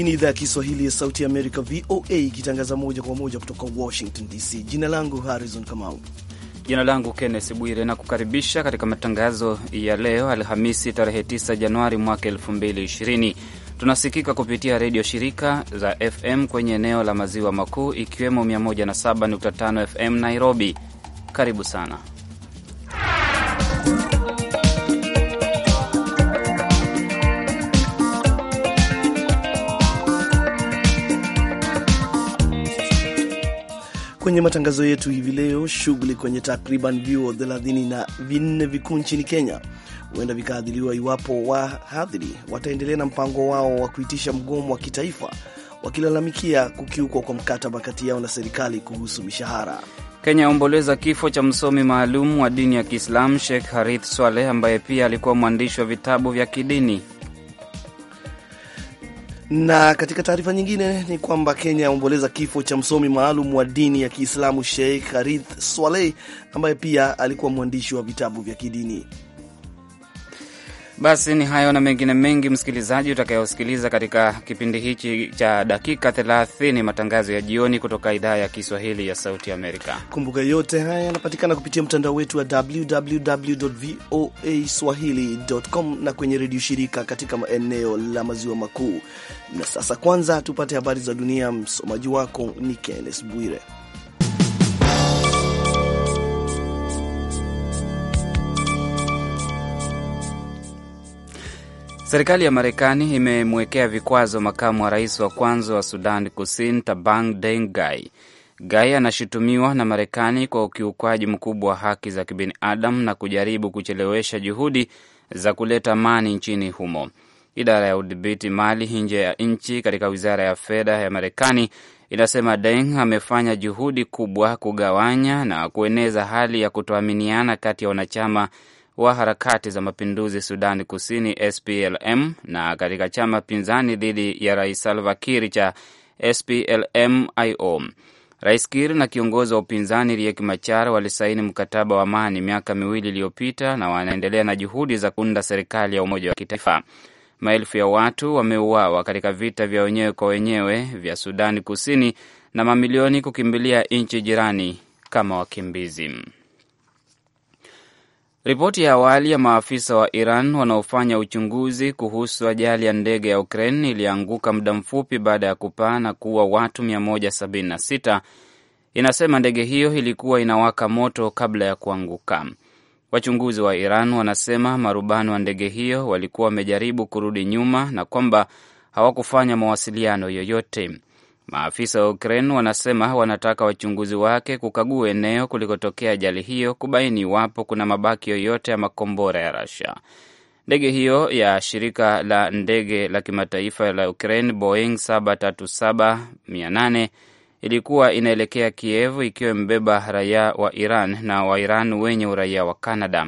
Hii ni idhaa ya Kiswahili ya Sauti Amerika, VOA, ikitangaza moja kwa moja kutoka Washington DC. Jina langu Harrison Kamau. Jina langu Kennes Bwire na kukaribisha katika matangazo ya leo Alhamisi, tarehe 9 Januari mwaka 2020. Tunasikika kupitia redio shirika za FM kwenye eneo la maziwa makuu ikiwemo 107.5 FM Nairobi. Karibu sana kwenye matangazo yetu hivi leo. Shughuli kwenye takriban vyuo thelathini na vinne vikuu nchini Kenya huenda vikaadhiriwa iwapo wahadhiri wataendelea na mpango wao wa kuitisha mgomo wa kitaifa wakilalamikia kukiukwa kwa mkataba kati yao na serikali kuhusu mishahara. Kenya yaomboleza kifo cha msomi maalum wa dini ya Kiislamu Sheikh Harith Swaleh ambaye pia alikuwa mwandishi wa vitabu vya kidini. Na katika taarifa nyingine ni kwamba Kenya yaomboleza kifo cha msomi maalum wa dini ya Kiislamu Sheikh Harith Swaleh ambaye pia alikuwa mwandishi wa vitabu vya kidini. Basi ni hayo na mengine mengi, msikilizaji, utakayosikiliza katika kipindi hichi cha dakika 30, matangazo ya jioni kutoka idhaa ya Kiswahili ya Sauti Amerika. Kumbuka yote haya yanapatikana kupitia mtandao wetu wa www voa swahili.com na kwenye redio shirika katika maeneo la maziwa makuu. Na sasa kwanza tupate habari za dunia. Msomaji wako ni Kennes Bwire. Serikali ya Marekani imemwekea vikwazo makamu wa rais wa kwanza wa Sudan Kusini, Tabang Deng Gai. Gai anashutumiwa na Marekani kwa ukiukwaji mkubwa wa haki za kibinadamu na kujaribu kuchelewesha juhudi za kuleta amani nchini humo. Idara ya udhibiti mali nje ya nchi katika wizara ya fedha ya Marekani inasema Deng amefanya juhudi kubwa kugawanya na kueneza hali ya kutoaminiana kati ya wanachama wa harakati za mapinduzi Sudani Kusini, SPLM, na katika chama pinzani dhidi ya Rais Salva Kiir cha SPLM-IO. Rais Kiir na kiongozi wa upinzani Riek Machar walisaini mkataba wa amani miaka miwili iliyopita na wanaendelea na juhudi za kuunda serikali ya umoja wa kitaifa. Maelfu ya watu wameuawa katika vita vya wenyewe kwa wenyewe vya Sudani Kusini na mamilioni kukimbilia nchi jirani kama wakimbizi. Ripoti ya awali ya maafisa wa Iran wanaofanya uchunguzi kuhusu ajali ya ndege ya Ukraine iliyoanguka muda mfupi baada ya kupaa na kuua watu 176 inasema ndege hiyo ilikuwa inawaka moto kabla ya kuanguka. Wachunguzi wa Iran wanasema marubani wa ndege hiyo walikuwa wamejaribu kurudi nyuma na kwamba hawakufanya mawasiliano yoyote. Maafisa wa Ukraine wanasema wanataka wachunguzi wake kukagua eneo kulikotokea ajali hiyo kubaini iwapo kuna mabaki yoyote ya makombora ya rasia Ndege hiyo ya shirika la ndege la kimataifa la Ukraine Boeing 737-800 ilikuwa inaelekea Kievu ikiwa imebeba raia wa Iran na Wairan wenye uraia wa Canada.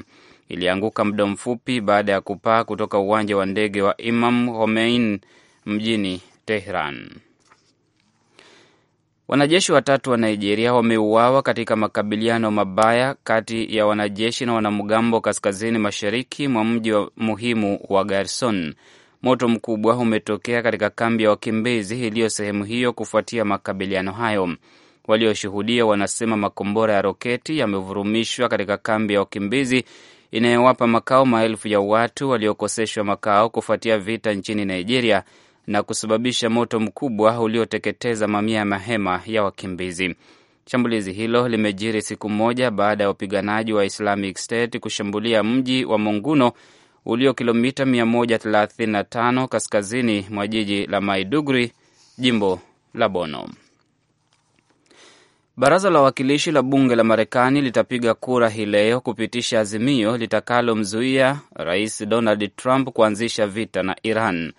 Ilianguka muda mfupi baada ya kupaa kutoka uwanja wa ndege wa Imam Khomeini mjini Tehran. Wanajeshi watatu wa Nigeria wameuawa katika makabiliano mabaya kati ya wanajeshi na wanamgambo kaskazini mashariki mwa mji muhimu wa Garson. Moto mkubwa umetokea katika kambi ya wakimbizi iliyo sehemu hiyo kufuatia makabiliano hayo. Walioshuhudia wanasema makombora ya roketi yamevurumishwa katika kambi ya wakimbizi inayowapa makao maelfu ya watu waliokoseshwa makao kufuatia vita nchini Nigeria na kusababisha moto mkubwa ulioteketeza mamia ya mahema ya wakimbizi. Shambulizi hilo limejiri siku moja baada ya wapiganaji wa Islamic State kushambulia mji wa Monguno ulio kilomita 135 kaskazini mwa jiji la Maiduguri, jimbo la Bono. Baraza la Wawakilishi la Bunge la Marekani litapiga kura hii leo kupitisha azimio litakalomzuia Rais Donald Trump kuanzisha vita na Iran.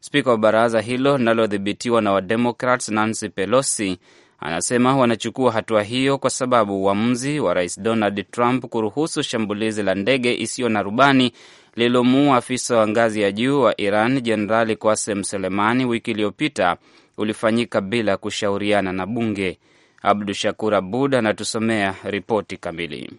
Spika wa baraza hilo linalodhibitiwa na Wademokrat Nancy Pelosi anasema wanachukua hatua hiyo kwa sababu uamuzi wa rais Donald Trump kuruhusu shambulizi la ndege isiyo na rubani lililomuua afisa wa ngazi ya juu wa Iran Jenerali kwasem Selemani, wiki iliyopita ulifanyika bila kushauriana na bunge. Abdu Shakur Abud anatusomea ripoti kamili.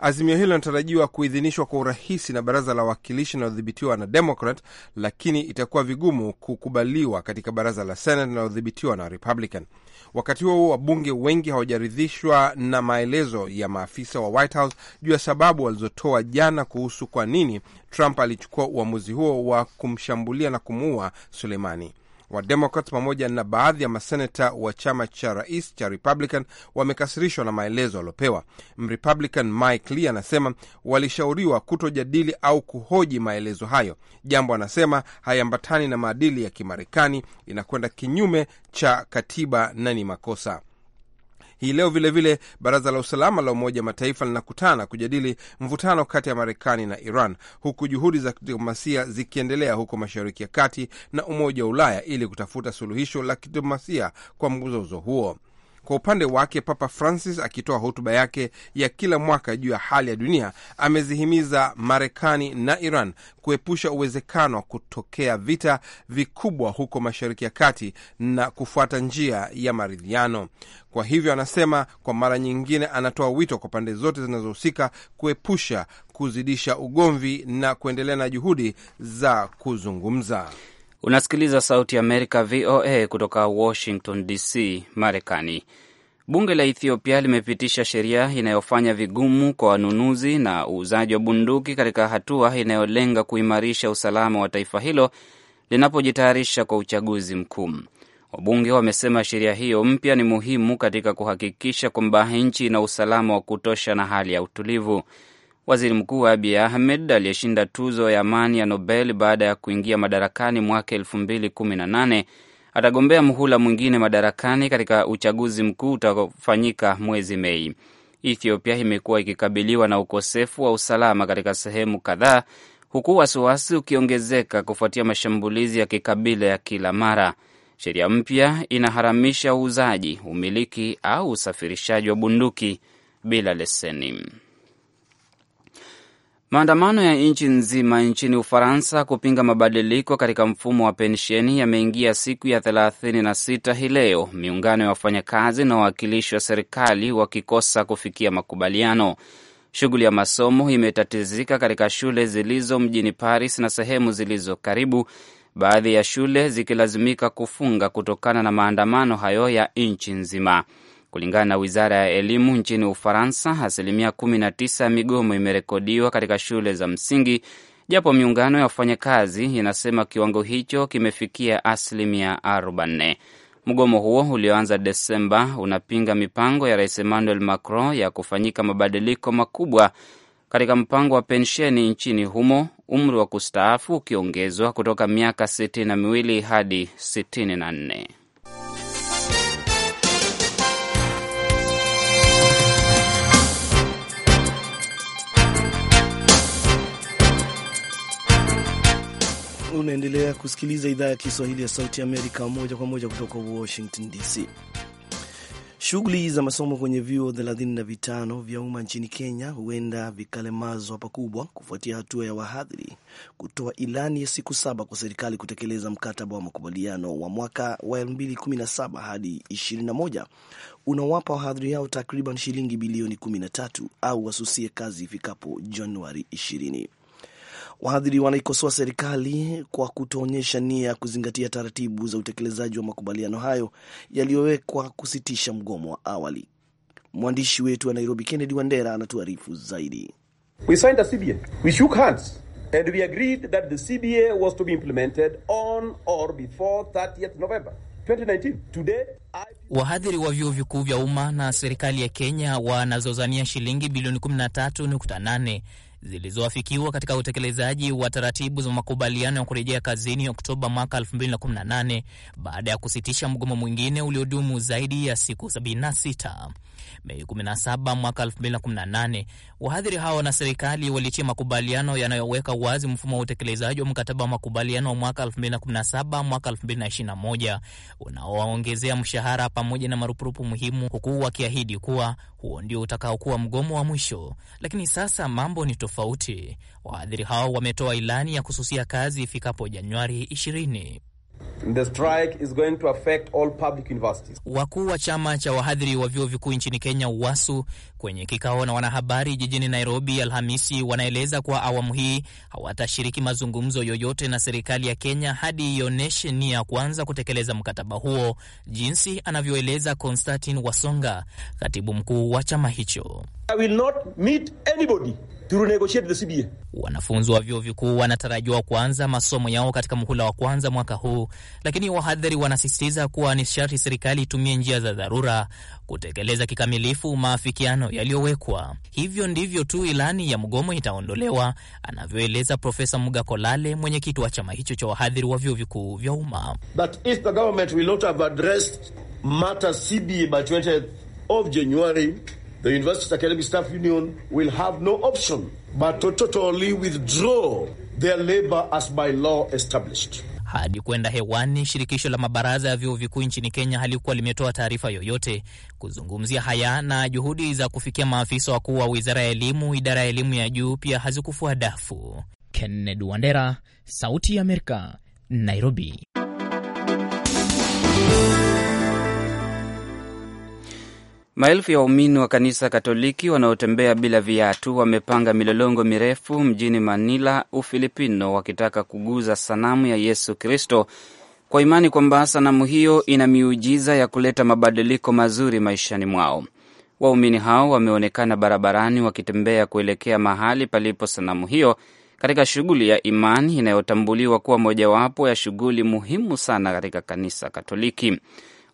Azimio hilo linatarajiwa kuidhinishwa kwa urahisi na baraza la wawakilishi linalodhibitiwa na demokrat lakini itakuwa vigumu kukubaliwa katika baraza la Senate linalodhibitiwa na Republican. Wakati huo huo, wabunge wengi hawajaridhishwa na maelezo ya maafisa wa White House juu ya sababu walizotoa jana kuhusu kwa nini Trump alichukua uamuzi huo wa kumshambulia na kumuua Suleimani wa pamoja na baadhi ya maseneta wa chama cha rais cha Republican wamekasirishwa na maelezo waliopewa. Mrepublican Mike Lee anasema walishauriwa kutojadili au kuhoji maelezo hayo, jambo anasema haiambatani na maadili ya Kimarekani, inakwenda kinyume cha katiba na ni makosa. Hii leo vilevile vile, baraza la usalama la Umoja Mataifa linakutana kujadili mvutano kati ya Marekani na Iran, huku juhudi za kidiplomasia zikiendelea huko Mashariki ya Kati na Umoja wa Ulaya ili kutafuta suluhisho la kidiplomasia kwa mzozo huo. Kwa upande wake, Papa Francis akitoa hotuba yake ya kila mwaka juu ya hali ya dunia amezihimiza Marekani na Iran kuepusha uwezekano wa kutokea vita vikubwa huko Mashariki ya Kati na kufuata njia ya maridhiano. Kwa hivyo, anasema kwa mara nyingine anatoa wito kwa pande zote zinazohusika kuepusha kuzidisha ugomvi na kuendelea na juhudi za kuzungumza. Unasikiliza Sauti ya Amerika, VOA, kutoka Washington DC, Marekani. Bunge la Ethiopia limepitisha sheria inayofanya vigumu kwa wanunuzi na uuzaji wa bunduki katika hatua inayolenga kuimarisha usalama wa taifa hilo linapojitayarisha kwa uchaguzi mkuu. Wabunge wamesema sheria hiyo mpya ni muhimu katika kuhakikisha kwamba nchi ina usalama wa kutosha na hali ya utulivu. Waziri Mkuu Abiy Ahmed aliyeshinda tuzo ya amani ya Nobel baada ya kuingia madarakani mwaka elfu mbili kumi na nane atagombea mhula mwingine madarakani katika uchaguzi mkuu utakaofanyika mwezi Mei. Ethiopia imekuwa ikikabiliwa na ukosefu wa usalama katika sehemu kadhaa, huku wasiwasi ukiongezeka kufuatia mashambulizi ya kikabila ya kila mara. Sheria mpya inaharamisha uuzaji, umiliki au usafirishaji wa bunduki bila leseni. Maandamano ya nchi nzima nchini Ufaransa kupinga mabadiliko katika mfumo wa pensheni yameingia siku ya 36 hii leo, miungano ya wafanyakazi na wawakilishi wa serikali wakikosa kufikia makubaliano. Shughuli ya masomo imetatizika katika shule zilizo mjini Paris na sehemu zilizo karibu, baadhi ya shule zikilazimika kufunga kutokana na maandamano hayo ya nchi nzima. Kulingana na wizara ya elimu nchini Ufaransa, asilimia 19 ya migomo imerekodiwa katika shule za msingi, japo miungano ya wafanyakazi inasema kiwango hicho kimefikia asilimia 4 Mgomo huo ulioanza Desemba unapinga mipango ya Rais Emmanuel Macron ya kufanyika mabadiliko makubwa katika mpango wa pensheni nchini humo, umri wa kustaafu ukiongezwa kutoka miaka sitini na miwili hadi sitini na nne. Unaendelea kusikiliza idhaa ya Kiswahili ya Sauti Amerika moja kwa moja kutoka Washington DC. Shughuli za masomo kwenye vyuo 35 vya umma nchini Kenya huenda vikalemazwa pakubwa kufuatia hatua ya wahadhiri kutoa ilani ya siku saba kwa serikali kutekeleza mkataba wa makubaliano wa mwaka wa 2017 hadi 21 unawapa wahadhiri hao takriban shilingi bilioni 13 au wasusie kazi ifikapo Januari 20. Wahadhiri wanaikosoa serikali kwa kutoonyesha nia ya kuzingatia taratibu za utekelezaji wa makubaliano hayo yaliyowekwa kusitisha mgomo wa awali. Mwandishi wetu wa Nairobi, Kennedy Wandera, anatuarifu zaidi. Wahadhiri wa vyuo vikuu vya umma na serikali ya Kenya wanazozania shilingi bilioni 13.8 zilizoafikiwa katika utekelezaji wa taratibu za makubaliano ya kurejea kazini Oktoba mwaka 2018 baada ya kusitisha mgomo mwingine uliodumu zaidi ya siku 76. Mei 17 mwaka 2018, wahadhiri hao na serikali walitia makubaliano yanayoweka wazi mfumo wa utekelezaji wa mkataba wa makubaliano wa mwaka 2017 mwaka 2021 unaowaongezea mshahara pamoja na marupurupu muhimu, huku wakiahidi kuwa huo ndio utakaokuwa mgomo wa mwisho. Lakini sasa mambo ni tofauti. Waadhiri hao wametoa ilani ya kususia kazi ifikapo Januari 20. The strike is going to affect all public universities. Wakuu wa chama cha wahadhiri wa vyuo vikuu nchini Kenya UWASU kwenye kikao na wanahabari jijini Nairobi Alhamisi wanaeleza kuwa awamu hii hawatashiriki mazungumzo yoyote na serikali ya Kenya hadi ionyeshe nia ya kuanza kutekeleza mkataba huo, jinsi anavyoeleza Konstantin Wasonga, katibu mkuu wa chama hicho. I will not meet anybody Wanafunzi wa vyuo vikuu wanatarajiwa kuanza masomo yao katika muhula wa kwanza mwaka huu, lakini wahadhiri wanasisitiza kuwa ni sharti serikali itumie njia za dharura kutekeleza kikamilifu maafikiano yaliyowekwa. Hivyo ndivyo tu ilani ya mgomo itaondolewa, anavyoeleza Profesa Muga Kolale, mwenyekiti wa chama hicho cha wahadhiri wa vyuo vikuu vya umma the University of Academic Staff Union will have no option but to totally withdraw their labor as by law established. Hadi kwenda hewani, shirikisho la mabaraza ya vyuo vikuu nchini Kenya halikuwa limetoa taarifa yoyote kuzungumzia haya, na juhudi za kufikia maafisa wakuu wa wizara ya elimu, idara ya elimu ya juu pia hazikufua dafu. Kennedy Wandera, Sauti ya Amerika, Nairobi. Maelfu ya waumini wa kanisa Katoliki wanaotembea bila viatu wamepanga milolongo mirefu mjini Manila, Ufilipino, wakitaka kuguza sanamu ya Yesu Kristo kwa imani kwamba sanamu hiyo ina miujiza ya kuleta mabadiliko mazuri maishani mwao. Waumini hao wameonekana barabarani wakitembea kuelekea mahali palipo sanamu hiyo katika shughuli ya imani inayotambuliwa kuwa mojawapo ya shughuli muhimu sana katika kanisa Katoliki.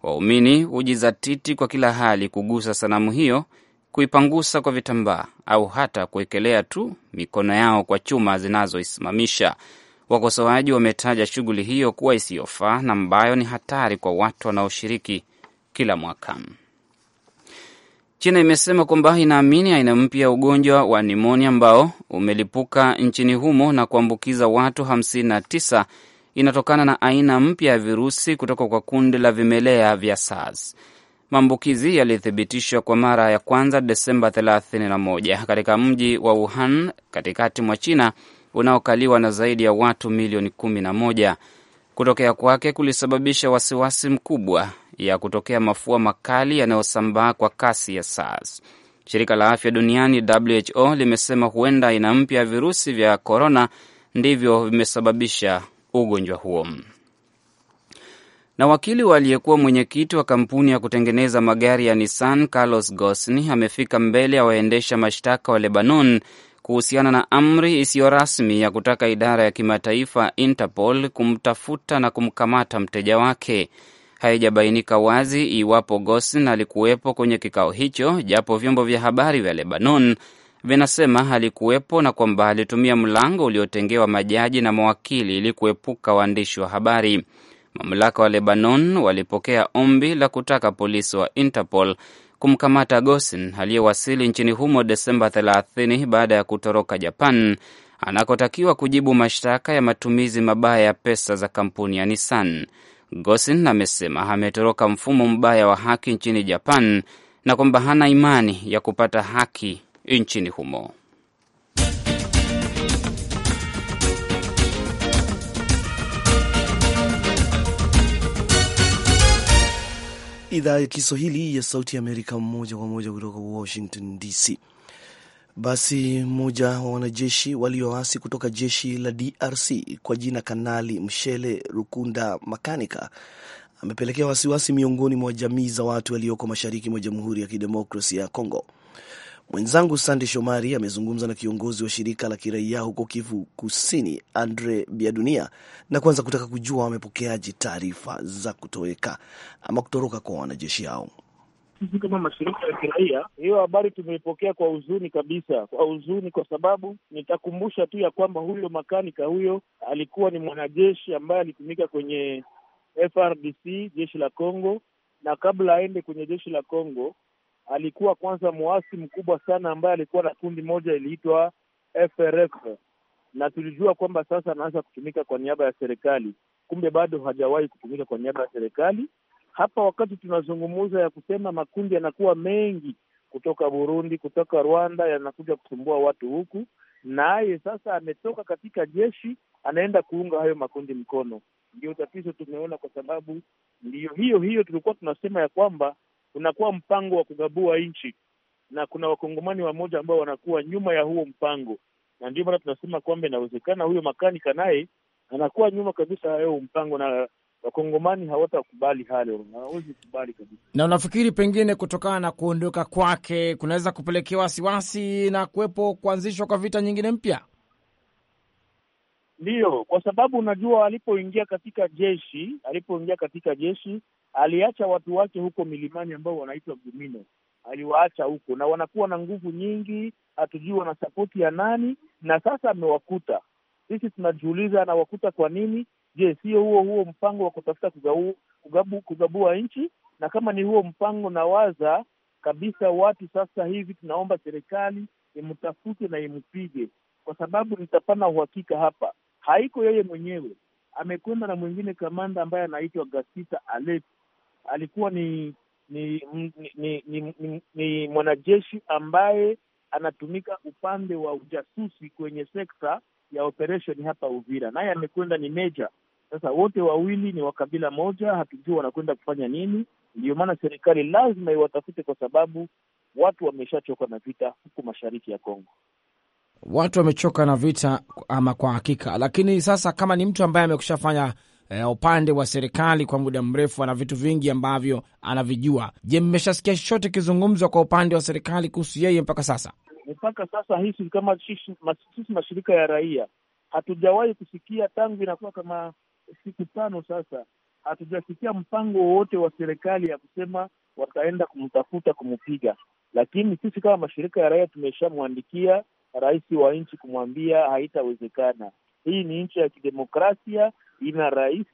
Waumini hujizatiti kwa kila hali kugusa sanamu hiyo, kuipangusa kwa vitambaa au hata kuekelea tu mikono yao kwa chuma zinazoisimamisha. Wakosoaji wametaja shughuli hiyo kuwa isiyofaa na ambayo ni hatari kwa watu wanaoshiriki kila mwaka. China imesema kwamba inaamini aina mpya ya ugonjwa wa nimonia ambao umelipuka nchini humo na kuambukiza watu 59 inatokana na aina mpya ya virusi kutoka kwa kundi la vimelea vya SARS. Maambukizi yalithibitishwa kwa mara ya kwanza Desemba 31 katika mji wa Wuhan katikati mwa China unaokaliwa na zaidi ya watu milioni 11. Kutokea kwake kulisababisha wasiwasi mkubwa ya kutokea mafua makali yanayosambaa kwa kasi ya SARS. Shirika la afya duniani WHO limesema huenda aina mpya ya virusi vya korona ndivyo vimesababisha ugonjwa huo. Na wakili wa aliyekuwa mwenyekiti wa kampuni ya kutengeneza magari ya Nissan Carlos Ghosn amefika mbele ya waendesha mashtaka wa Lebanon kuhusiana na amri isiyo rasmi ya kutaka idara ya kimataifa Interpol kumtafuta na kumkamata mteja wake. Haijabainika wazi iwapo Ghosn alikuwepo kwenye kikao hicho, japo vyombo vya habari vya Lebanon vinasema halikuwepo na kwamba alitumia mlango uliotengewa majaji na mawakili ili kuepuka waandishi wa habari. Mamlaka wa Lebanon walipokea ombi la kutaka polisi wa Interpol kumkamata Gosin aliyewasili nchini humo Desemba 30 baada ya kutoroka Japan anakotakiwa kujibu mashtaka ya matumizi mabaya ya pesa za kampuni ya Nissan. Gosin amesema ametoroka mfumo mbaya wa haki nchini Japan na kwamba hana imani ya kupata haki nchini humo. Idhaa ya Kiswahili ya Sauti ya Amerika, moja kwa moja kutoka Washington DC. Basi mmoja wa wanajeshi walioasi kutoka jeshi la DRC kwa jina Kanali Mshele Rukunda Makanika amepelekea wasiwasi miongoni mwa jamii za watu walioko mashariki mwa Jamhuri ya Kidemokrasia ya Kongo. Mwenzangu Sande Shomari amezungumza na kiongozi wa shirika la kiraia huko Kivu Kusini, Andre Biadunia, na kwanza kutaka kujua wamepokeaje taarifa za kutoweka ama kutoroka kwa wanajeshi hao. Sisi kama mashirika ya kiraia, hiyo habari tumeipokea kwa huzuni kabisa, kwa huzuni, kwa sababu nitakumbusha tu ya kwamba huyo makanika huyo alikuwa ni mwanajeshi ambaye alitumika kwenye FRDC, jeshi la Congo, na kabla aende kwenye jeshi la Congo alikuwa kwanza muasi mkubwa sana ambaye alikuwa na kundi moja iliitwa FRF, na tulijua kwamba sasa anaanza kutumika kwa niaba ya serikali, kumbe bado hajawahi kutumika kwa niaba ya serikali. Hapa wakati tunazungumza ya kusema makundi yanakuwa mengi kutoka Burundi, kutoka Rwanda, yanakuja kusumbua watu huku, naye sasa ametoka katika jeshi, anaenda kuunga hayo makundi mkono. Ndio tatizo tumeona, kwa sababu ndiyo hiyo hiyo tulikuwa tunasema ya kwamba kunakuwa mpango wa kugabua nchi, na kuna wakongomani wamoja ambao wanakuwa nyuma ya huo mpango, na ndio maana tunasema kwamba inawezekana huyo makanika naye anakuwa nyuma kabisa huo mpango na wakongomani hawatakubali halo, hawawezi kubali kabisa. Na unafikiri pengine kutokana na kuondoka kwake kunaweza kupelekea wasiwasi na kuwepo kuanzishwa kwa vita nyingine mpya? Ndiyo, kwa sababu unajua alipoingia katika jeshi, alipoingia katika jeshi aliacha watu wake huko milimani ambao wanaitwa Gumino, aliwaacha huko na wanakuwa na nguvu nyingi, hatujui wana sapoti ya nani, na sasa amewakuta. Sisi tunajiuliza anawakuta kwa nini? Je, sio huo huo mpango wa kutafuta kugabu, kugabu, kugabua nchi? Na kama ni huo mpango, nawaza kabisa watu sasa hivi tunaomba serikali imtafute na impige, kwa sababu nitapana uhakika hapa, haiko yeye mwenyewe, amekwenda na mwingine kamanda ambaye anaitwa Gasita Alepi alikuwa ni ni ni, ni, ni, ni, ni mwanajeshi ambaye anatumika upande wa ujasusi kwenye sekta ya operation hapa Uvira, naye amekwenda ni meja. Sasa wote wawili ni wa kabila moja, hatujua wanakwenda kufanya nini. Ndiyo maana serikali lazima iwatafute kwa sababu watu wameshachoka na vita huku mashariki ya Kongo, watu wamechoka na vita ama kwa hakika. Lakini sasa kama ni mtu ambaye amekushafanya eh, upande wa serikali kwa muda mrefu, ana vitu vingi ambavyo anavijua. Je, mmeshasikia chochote kizungumzwa kwa upande wa serikali kuhusu yeye mpaka sasa? Mpaka sasa hisi kama sisi mashirika ya raia hatujawahi kusikia, tangu inakuwa kama siku tano sasa, hatujasikia mpango wowote wa serikali ya kusema wataenda kumtafuta kumpiga. Lakini sisi kama mashirika ya raia tumeshamwandikia rais wa nchi kumwambia haitawezekana. Hii ni nchi ya kidemokrasia ina rais,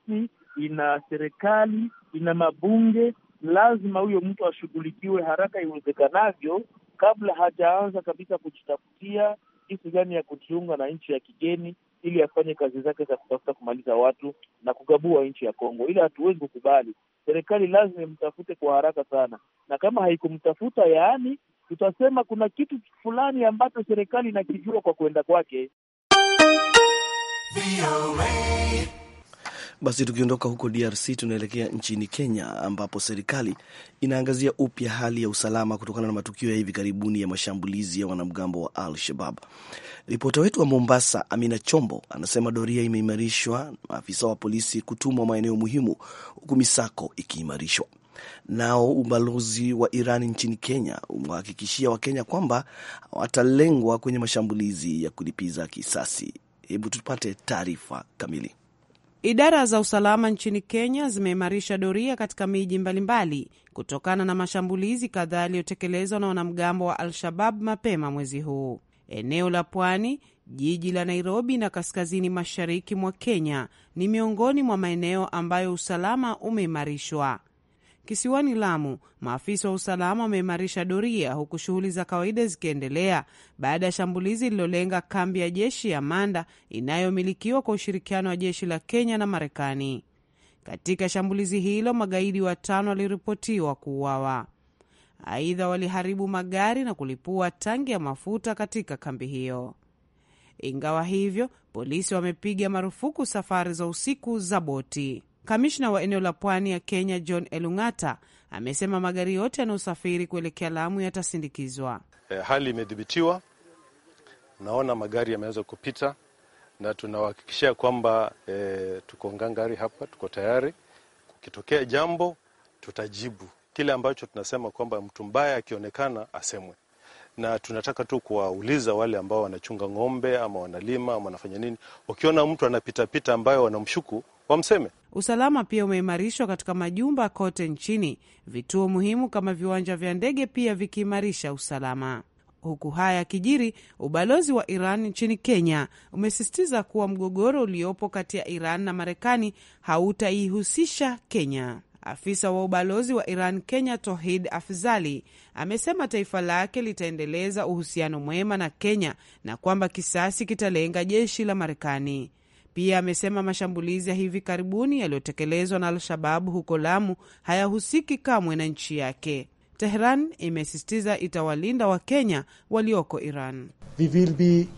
ina serikali, ina mabunge. Lazima huyo mtu ashughulikiwe haraka iwezekanavyo, kabla hajaanza kabisa kujitafutia jinsi gani ya kujiunga na nchi ya kigeni ili afanye kazi zake za kutafuta kumaliza watu na kugabua nchi ya Kongo. Ile hatuwezi kukubali. Serikali lazima imtafute kwa haraka sana, na kama haikumtafuta, yaani tutasema kuna kitu fulani ambacho serikali inakijua kwa kuenda kwake. Basi tukiondoka huko DRC tunaelekea nchini Kenya ambapo serikali inaangazia upya hali ya usalama kutokana na matukio ya hivi karibuni ya mashambulizi ya wanamgambo wa Al Shabab. Ripota wetu wa Mombasa, Amina Chombo, anasema doria imeimarishwa, maafisa wa polisi kutumwa maeneo muhimu, huku misako ikiimarishwa. Nao ubalozi wa Iran nchini Kenya umewahakikishia Wakenya kwamba watalengwa kwenye mashambulizi ya kulipiza kisasi. Hebu tupate taarifa kamili. Idara za usalama nchini Kenya zimeimarisha doria katika miji mbalimbali kutokana na mashambulizi kadhaa yaliyotekelezwa na wanamgambo wa Al-Shabab mapema mwezi huu. Eneo la pwani, jiji la Nairobi na kaskazini mashariki mwa Kenya ni miongoni mwa maeneo ambayo usalama umeimarishwa. Kisiwani Lamu, maafisa wa usalama wameimarisha doria huku shughuli za kawaida zikiendelea baada ya shambulizi lililolenga kambi ya jeshi ya Manda inayomilikiwa kwa ushirikiano wa jeshi la Kenya na Marekani. Katika shambulizi hilo magaidi watano waliripotiwa kuuawa. Aidha, waliharibu magari na kulipua tangi ya mafuta katika kambi hiyo. Ingawa hivyo, polisi wamepiga marufuku safari za usiku za boti. Kamishna wa eneo la pwani ya Kenya John Elung'ata amesema magari yote yanayosafiri kuelekea Lamu yatasindikizwa. E, hali imedhibitiwa, unaona magari yameweza kupita na tunawahakikishia kwamba e, tuko ngangari hapa, tuko tayari. Kukitokea jambo tutajibu kile ambacho tunasema kwamba mtu mbaya akionekana asemwe, na tunataka tu kuwauliza wale ambao wanachunga ng'ombe ama wanalima ama wanafanya nini, ukiona mtu anapitapita ambayo wanamshuku wamseme. Usalama pia umeimarishwa katika majumba kote nchini, vituo muhimu kama viwanja vya ndege pia vikiimarisha usalama. Huku haya yakijiri, ubalozi wa Iran nchini Kenya umesisitiza kuwa mgogoro uliopo kati ya Iran na Marekani hautaihusisha Kenya. Afisa wa ubalozi wa Iran Kenya, Tohid Afzali, amesema taifa lake litaendeleza uhusiano mwema na Kenya na kwamba kisasi kitalenga jeshi la Marekani. Pia amesema mashambulizi ya hivi karibuni yaliyotekelezwa na Al-Shababu huko Lamu hayahusiki kamwe na nchi yake. Tehran imesisitiza itawalinda Wakenya walioko Iran. We will be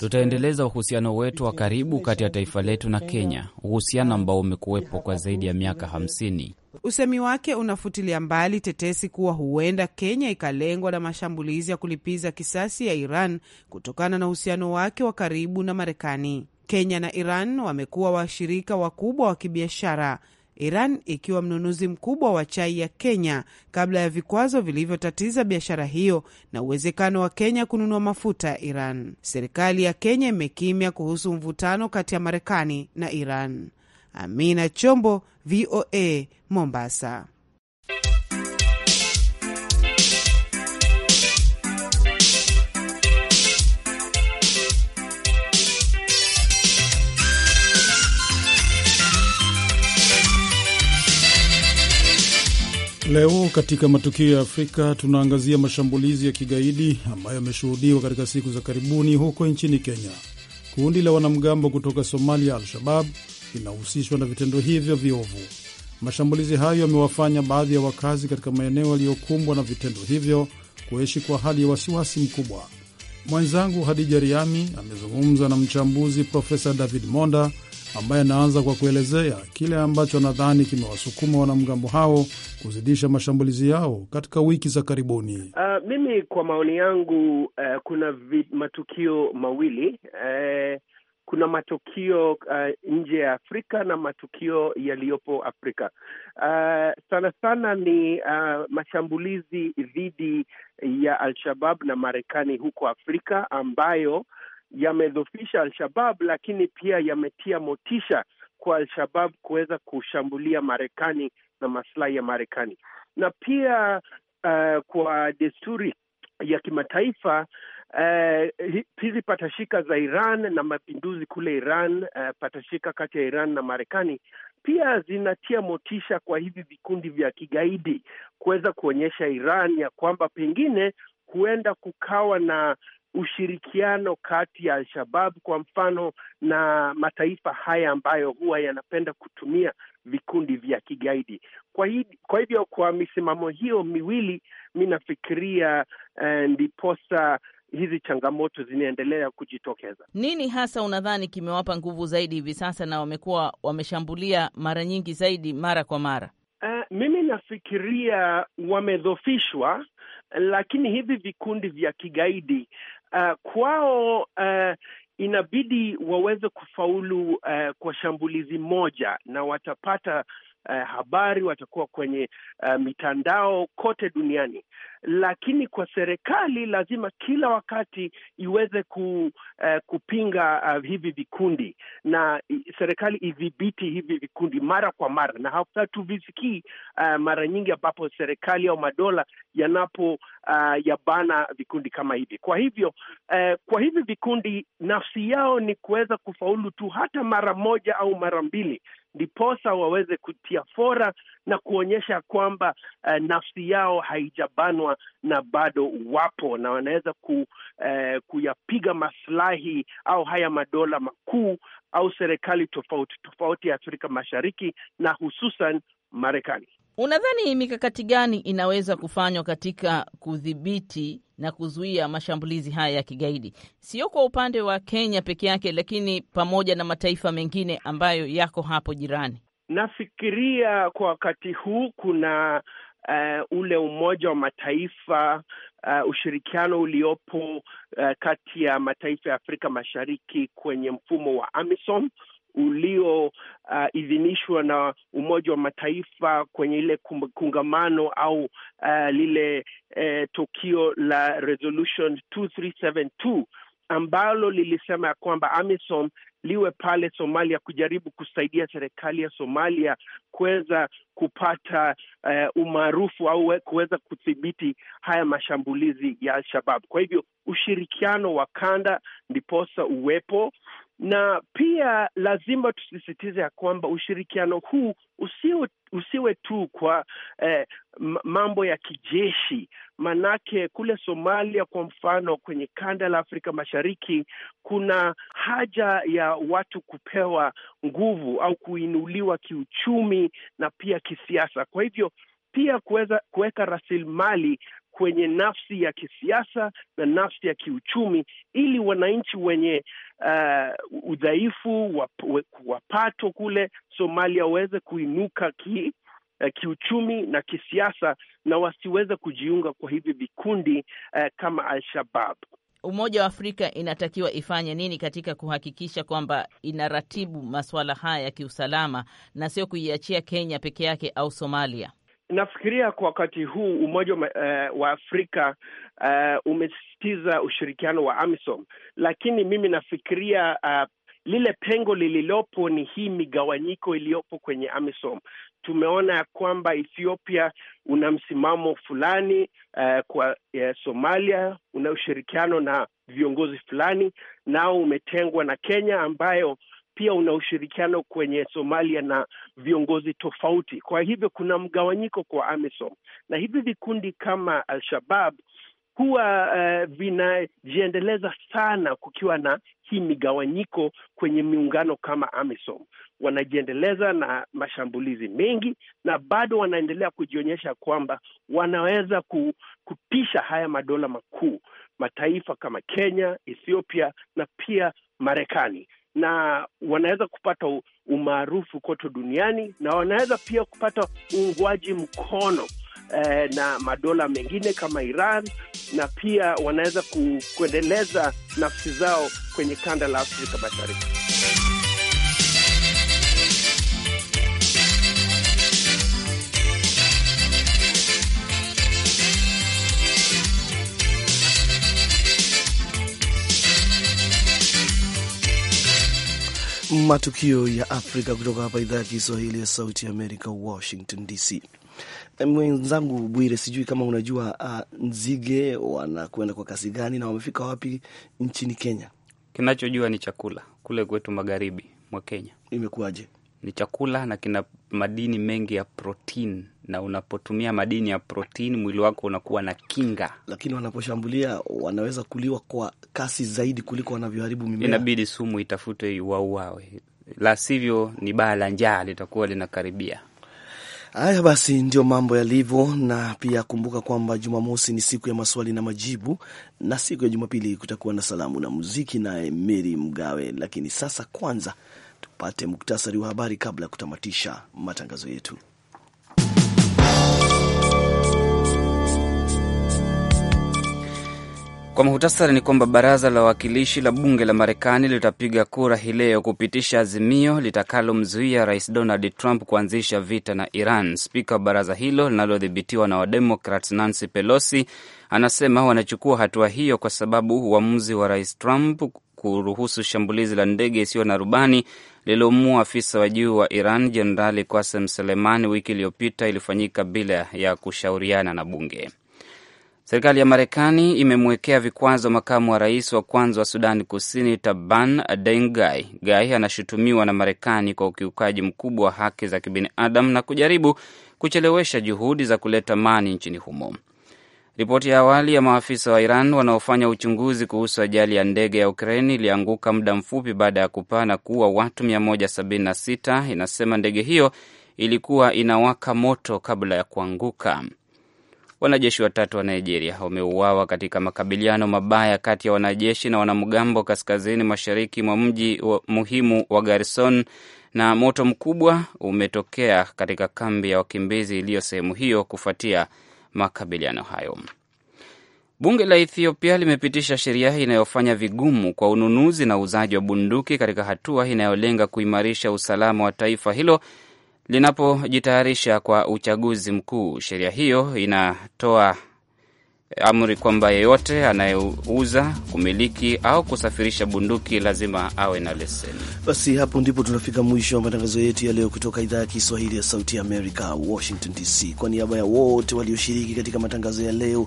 Tutaendeleza uhusiano wetu wa karibu kati ya taifa letu na Kenya, uhusiano ambao umekuwepo kwa zaidi ya miaka 50. Usemi wake unafutilia mbali tetesi kuwa huenda Kenya ikalengwa na mashambulizi ya kulipiza kisasi ya Iran kutokana na uhusiano wake wa karibu na Marekani. Kenya na Iran wamekuwa washirika wakubwa wa kibiashara, Iran ikiwa mnunuzi mkubwa wa chai ya Kenya kabla ya vikwazo vilivyotatiza biashara hiyo na uwezekano wa Kenya kununua mafuta ya Iran. Serikali ya Kenya imekimya kuhusu mvutano kati ya Marekani na Iran. Amina Chombo, VOA Mombasa. Leo katika matukio ya Afrika tunaangazia mashambulizi ya kigaidi ambayo yameshuhudiwa katika siku za karibuni huko nchini Kenya. Kundi la wanamgambo kutoka Somalia, Al-Shabab, kinahusishwa na vitendo hivyo viovu. Mashambulizi hayo yamewafanya baadhi ya wakazi katika maeneo yaliyokumbwa na vitendo hivyo kuishi kwa hali ya wasiwasi mkubwa. Mwenzangu Hadija Riami amezungumza na mchambuzi Profesa David Monda ambaye anaanza kwa kuelezea kile ambacho nadhani kimewasukuma wanamgambo hao kuzidisha mashambulizi yao katika wiki za karibuni. Uh, mimi kwa maoni yangu uh, kuna matukio mawili uh, kuna matukio uh, nje ya Afrika na matukio yaliyopo Afrika. Uh, sana sana ni uh, mashambulizi dhidi ya Al-Shabab na Marekani huko Afrika ambayo yamedhofisha Al-Shabab, lakini pia yametia motisha kwa Al-Shabab kuweza kushambulia Marekani na maslahi ya Marekani na pia uh, kwa desturi ya kimataifa uh, hizi patashika za Iran na mapinduzi kule Iran uh, patashika kati ya Iran na Marekani pia zinatia motisha kwa hivi vikundi vya kigaidi kuweza kuonyesha Iran ya kwamba pengine huenda kukawa na ushirikiano kati ya Al-Shabab kwa mfano na mataifa haya ambayo huwa yanapenda kutumia vikundi vya kigaidi. Kwa, hi, kwa hivyo kwa misimamo hiyo miwili mi nafikiria eh, ndiposa hizi changamoto zinaendelea kujitokeza. Nini hasa unadhani kimewapa nguvu zaidi hivi sasa na wamekuwa wameshambulia mara nyingi zaidi mara kwa mara? Uh, mimi nafikiria wamedhofishwa, lakini hivi vikundi vya kigaidi uh, kwao uh, inabidi waweze kufaulu uh, kwa shambulizi moja na watapata eh, habari, watakuwa kwenye eh, mitandao kote duniani. Lakini kwa serikali lazima kila wakati iweze ku, eh, kupinga eh, hivi vikundi na serikali idhibiti hivi vikundi mara kwa mara, na hatuvisikii eh, mara nyingi ambapo serikali au madola yanapo uh, yabana vikundi kama hivi. Kwa hivyo uh, kwa hivi vikundi nafsi yao ni kuweza kufaulu tu hata mara moja au mara mbili ndiposa waweze kutia fora na kuonyesha kwamba uh, nafsi yao haijabanwa na bado wapo na wanaweza ku, uh, kuyapiga maslahi au haya madola makuu au serikali tofauti tofauti ya Afrika Mashariki na hususan Marekani. Unadhani mikakati gani inaweza kufanywa katika kudhibiti na kuzuia mashambulizi haya ya kigaidi, sio kwa upande wa Kenya peke yake, lakini pamoja na mataifa mengine ambayo yako hapo jirani. Nafikiria kwa wakati huu kuna uh, ule Umoja wa Mataifa Uh, ushirikiano uliopo uh, kati ya mataifa ya Afrika Mashariki kwenye mfumo wa AMISOM ulioidhinishwa uh, na Umoja wa Mataifa kwenye ile kungamano au uh, lile uh, tukio la resolution 2372 ambalo lilisema ya kwamba AMISOM liwe pale Somalia kujaribu kusaidia serikali ya Somalia kuweza kupata uh, umaarufu au kuweza kudhibiti haya mashambulizi ya Al-Shabab. Kwa hivyo ushirikiano wa kanda ndiposa uwepo na pia lazima tusisitize ya kwamba ushirikiano huu usiwe, usiwe tu kwa eh, mambo ya kijeshi. Manake kule Somalia kwa mfano, kwenye kanda la Afrika Mashariki kuna haja ya watu kupewa nguvu au kuinuliwa kiuchumi na pia kisiasa. Kwa hivyo pia kuweza kuweka rasilimali kwenye nafsi ya kisiasa na nafsi ya kiuchumi, ili wananchi wenye uh, udhaifu wa, wa pato kule Somalia waweze kuinuka ki Uh, kiuchumi na kisiasa na wasiweze kujiunga kwa hivi vikundi uh, kama Al-Shabab. Umoja wa Afrika inatakiwa ifanye nini katika kuhakikisha kwamba inaratibu masuala haya ya kiusalama na sio kuiachia Kenya peke yake au Somalia? Nafikiria kwa wakati huu Umoja uh, wa Afrika uh, umesisitiza ushirikiano wa AMISOM, lakini mimi nafikiria uh, lile pengo lililopo ni hii migawanyiko iliyopo kwenye AMISOM. Tumeona ya kwamba Ethiopia una msimamo fulani uh, kwa uh, Somalia una ushirikiano na viongozi fulani, nao umetengwa na Kenya ambayo pia una ushirikiano kwenye Somalia na viongozi tofauti. Kwa hivyo kuna mgawanyiko kwa AMISOM, na hivi vikundi kama Al-Shabab huwa uh, vinajiendeleza sana kukiwa na hii migawanyiko kwenye miungano kama AMISOM. Wanajiendeleza na mashambulizi mengi, na bado wanaendelea kujionyesha kwamba wanaweza kutisha haya madola makuu, mataifa kama Kenya, Ethiopia na pia Marekani na wanaweza kupata umaarufu kote duniani na wanaweza pia kupata uungwaji mkono eh, na madola mengine kama Iran na pia wanaweza kuendeleza nafsi zao kwenye kanda la Afrika Mashariki. matukio ya Afrika kutoka hapa idhaa ya Kiswahili ya Sauti ya Amerika, Washington DC. Mwenzangu Bwire, sijui kama unajua uh, nzige wanakwenda kwa kasi gani na wamefika wapi nchini Kenya? Kinachojua ni chakula kule kwetu magharibi mwa Kenya. Imekuwaje? ni chakula na kina madini mengi ya protein, na unapotumia madini ya protein mwili wako unakuwa na kinga, lakini wanaposhambulia wanaweza kuliwa kwa kasi zaidi kuliko wanavyoharibu mimea. Inabidi sumu itafutwe iwauawe, la sivyo ni baa la njaa litakuwa linakaribia. Haya basi, ndio mambo yalivyo. Na pia kumbuka kwamba Jumamosi ni siku ya maswali na majibu, na siku ya Jumapili kutakuwa na salamu na muziki, naye Meri Mgawe. Lakini sasa kwanza Pate muktasari wa habari kabla ya kutamatisha matangazo yetu. Kwa muhtasari ni kwamba baraza la wawakilishi la bunge la Marekani litapiga kura hii leo kupitisha azimio litakalomzuia rais Donald Trump kuanzisha vita na Iran. Spika wa baraza hilo linalodhibitiwa na Wademokrat Nancy Pelosi anasema wanachukua hatua hiyo kwa sababu uamuzi wa rais Trump kuruhusu shambulizi la ndege isiyo na rubani lililomua afisa wa juu wa Iran Jenerali kwasem Selemani wiki iliyopita ilifanyika bila ya kushauriana na bunge. Serikali ya Marekani imemwekea vikwazo makamu wa rais wa kwanza wa Sudani Kusini, Taban Dengai. Gai. Gai anashutumiwa na Marekani kwa ukiukaji mkubwa wa haki za kibinadamu na kujaribu kuchelewesha juhudi za kuleta amani nchini humo. Ripoti ya awali ya maafisa wa Iran wanaofanya uchunguzi kuhusu ajali ya ndege ya Ukraine ilianguka muda mfupi baada ya kupaa na kuua watu 176 inasema ndege hiyo ilikuwa inawaka moto kabla ya kuanguka. Wanajeshi watatu wa Nigeria wameuawa katika makabiliano mabaya kati ya wanajeshi na wanamgambo kaskazini mashariki mwa mji muhimu wa Garison, na moto mkubwa umetokea katika kambi ya wakimbizi iliyo sehemu hiyo kufuatia makabiliano hayo. Bunge la Ethiopia limepitisha sheria inayofanya vigumu kwa ununuzi na uuzaji wa bunduki katika hatua inayolenga kuimarisha usalama wa taifa hilo linapojitayarisha kwa uchaguzi mkuu. Sheria hiyo inatoa amri kwamba yeyote anayeuza, kumiliki au kusafirisha bunduki lazima awe na leseni. Basi hapo ndipo tunafika mwisho wa matangazo yetu ya leo kutoka idhaa ya Kiswahili ya Sauti ya Amerika, Washington DC. Kwa niaba ya wote walioshiriki katika matangazo ya leo,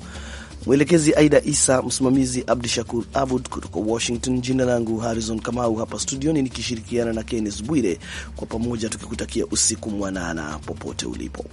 mwelekezi Aida Isa, msimamizi Abdu Shakur Abud kutoka Washington. Jina langu Harrison Kamau, hapa studioni nikishirikiana na Kennes Bwire, kwa pamoja tukikutakia usiku mwanana popote ulipo.